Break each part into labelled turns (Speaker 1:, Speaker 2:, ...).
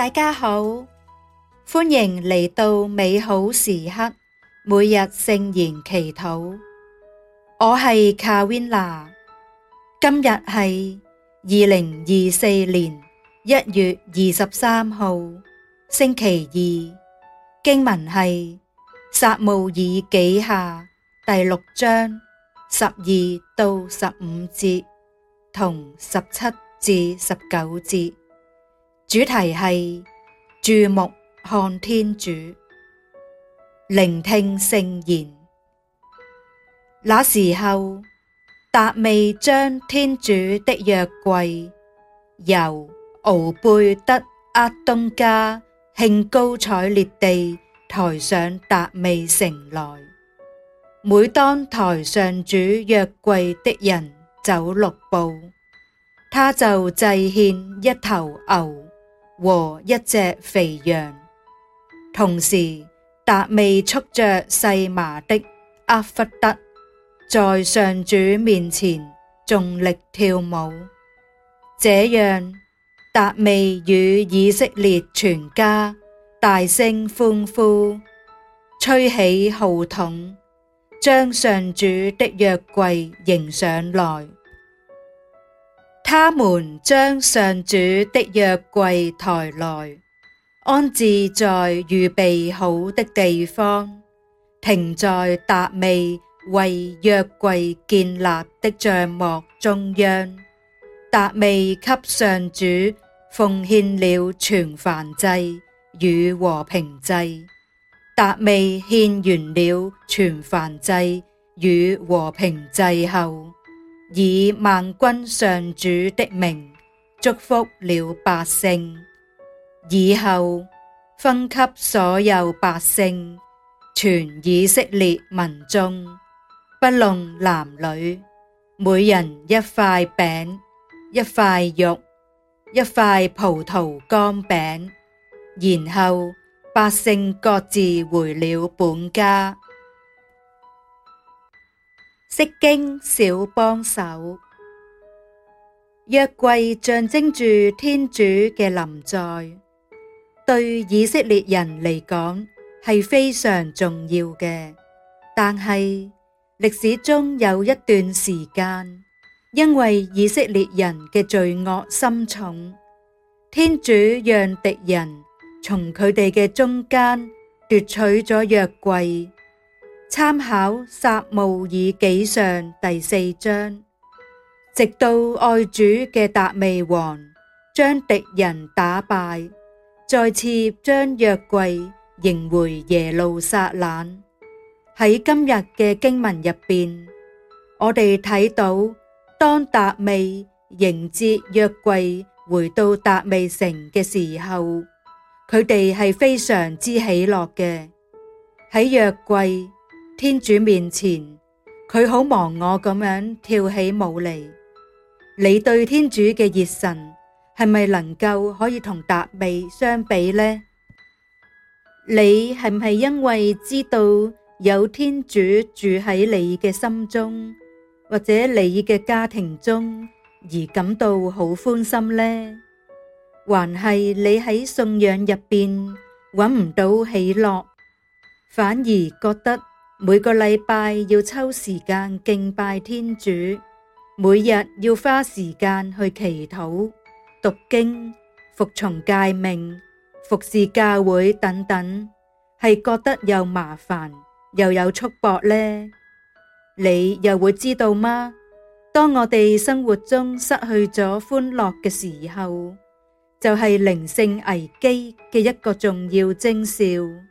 Speaker 1: 大家好，歡迎嚟到美好時刻，每日聖言祈禱。我係卡威娜，今日係二零二四年一月二十三號星期二，經文係撒慕爾紀下第六章十二到十五節同十七至十九節。主題係注目看天主，聆聽聖言。那時候，達味將天主的約櫃由敖貝得厄東家興高采烈地抬上達味城來。每當抬上主約櫃的人走六步，他就祭獻一頭牛。和一隻肥羊，同時達味束着細麻的厄弗得，在上主面前盡力跳舞。這樣，達味與以色列全家大聲歡呼，吹起號筒，將上主的約櫃迎上來。他們將上主的約櫃抬來，安置在預備好的地方，停在達味為約櫃建立的帳幕中央。達味給上主奉獻了全燔祭與和平祭。達味獻完了全燔祭與和平祭後，以萬軍上主的名祝福了百姓，以後分給所有百姓，全以色列民眾，不論男女，每人一塊餅、一塊肉、一塊葡萄乾餅，然後百姓各自回了本家。釋經小幫手，約櫃象徵住天主嘅臨在，對以色列人嚟講係非常重要嘅。但係歷史中有一段時間，因為以色列人嘅罪惡深重，天主讓敵人從佢哋嘅中間奪取咗約櫃。參考撒慕爾紀上第四章，直到愛主嘅達味王將敵人打敗，再次將約櫃迎回耶路撒冷。喺今日嘅經文入邊，我哋睇到當達味迎接約櫃回到達味城嘅時候，佢哋係非常之喜樂嘅。喺約櫃。天主面前，佢好忘我咁樣跳起舞嚟。你對天主嘅熱忱係咪能夠可以同達味相比呢？你係唔係因為知道有天主住喺你嘅心中，或者你嘅家庭中而感到好歡心呢？還係你喺信仰入邊揾唔到喜樂，反而覺得，每個禮拜要抽時間敬拜天主，每日要花時間去祈禱、讀經、服從誡命、服侍教會等等，係覺得又麻煩又有束縛呢？你又會知道嗎？當我哋生活中失去咗歡樂嘅時候，就係靈性危機嘅一個重要徵兆。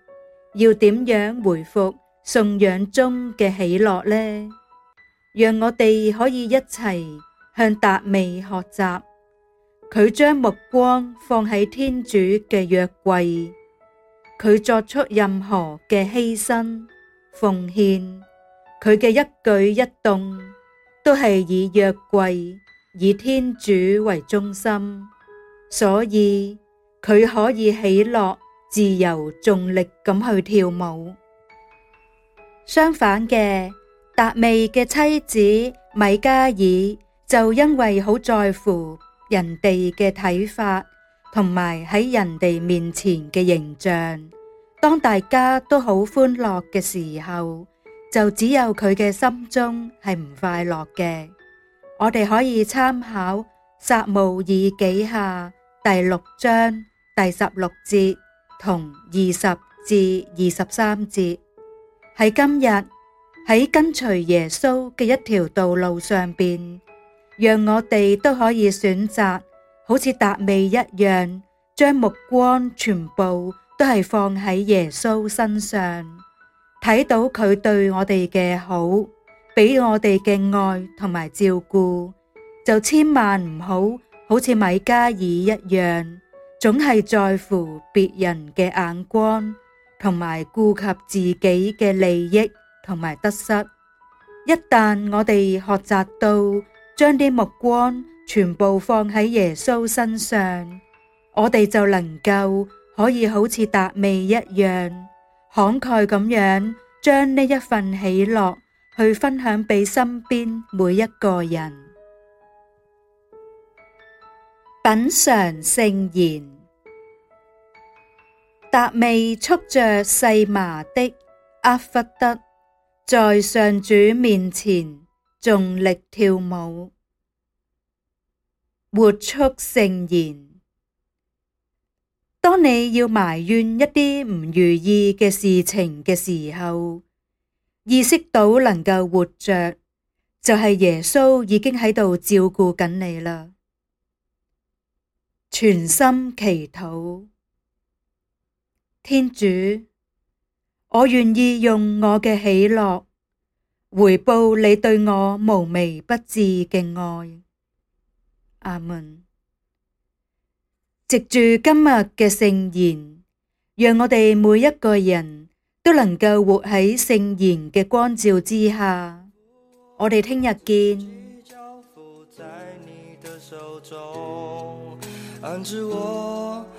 Speaker 1: 要點樣回復？信仰中嘅喜樂呢，讓我哋可以一齊向達味學習。佢將目光放喺天主嘅約櫃，佢作出任何嘅犧牲奉獻，佢嘅一舉一動都係以約櫃以天主為中心，所以佢可以喜樂自由盡力咁去跳舞。相反嘅達味嘅妻子米加耳就因為好在乎人哋嘅睇法同埋喺人哋面前嘅形象，當大家都好歡樂嘅時候，就只有佢嘅心中係唔快樂嘅。我哋可以參考撒慕爾記下第六章第十六節同二十至二十三節。喺今日喺跟隨耶穌嘅一條道路上邊，讓我哋都可以選擇好似達味一樣，將目光全部都係放喺耶穌身上，睇到佢對我哋嘅好，俾我哋嘅愛同埋照顧，就千萬唔好好似米加耳一樣，總係在乎別人嘅眼光。同埋顧及自己嘅利益同埋得失，一旦我哋學習到將啲目光全部放喺耶穌身上，我哋就能夠可以好似達味一樣慷慨咁樣，將呢一份喜樂去分享俾身邊每一個人。品嚐聖言。達味束着細麻的厄弗得，在上主面前盡力跳舞。活出聖言。當你要埋怨一啲唔如意嘅事情嘅時候，意識到能夠活着就係、是、耶穌已經喺度照顧緊你啦。全心祈禱。天主，我願意用我嘅喜樂，回報你對我無微不至嘅愛。阿門。藉住今日嘅聖言，讓我哋每一個人都能夠活喺聖言嘅光照之下。我哋聽日見。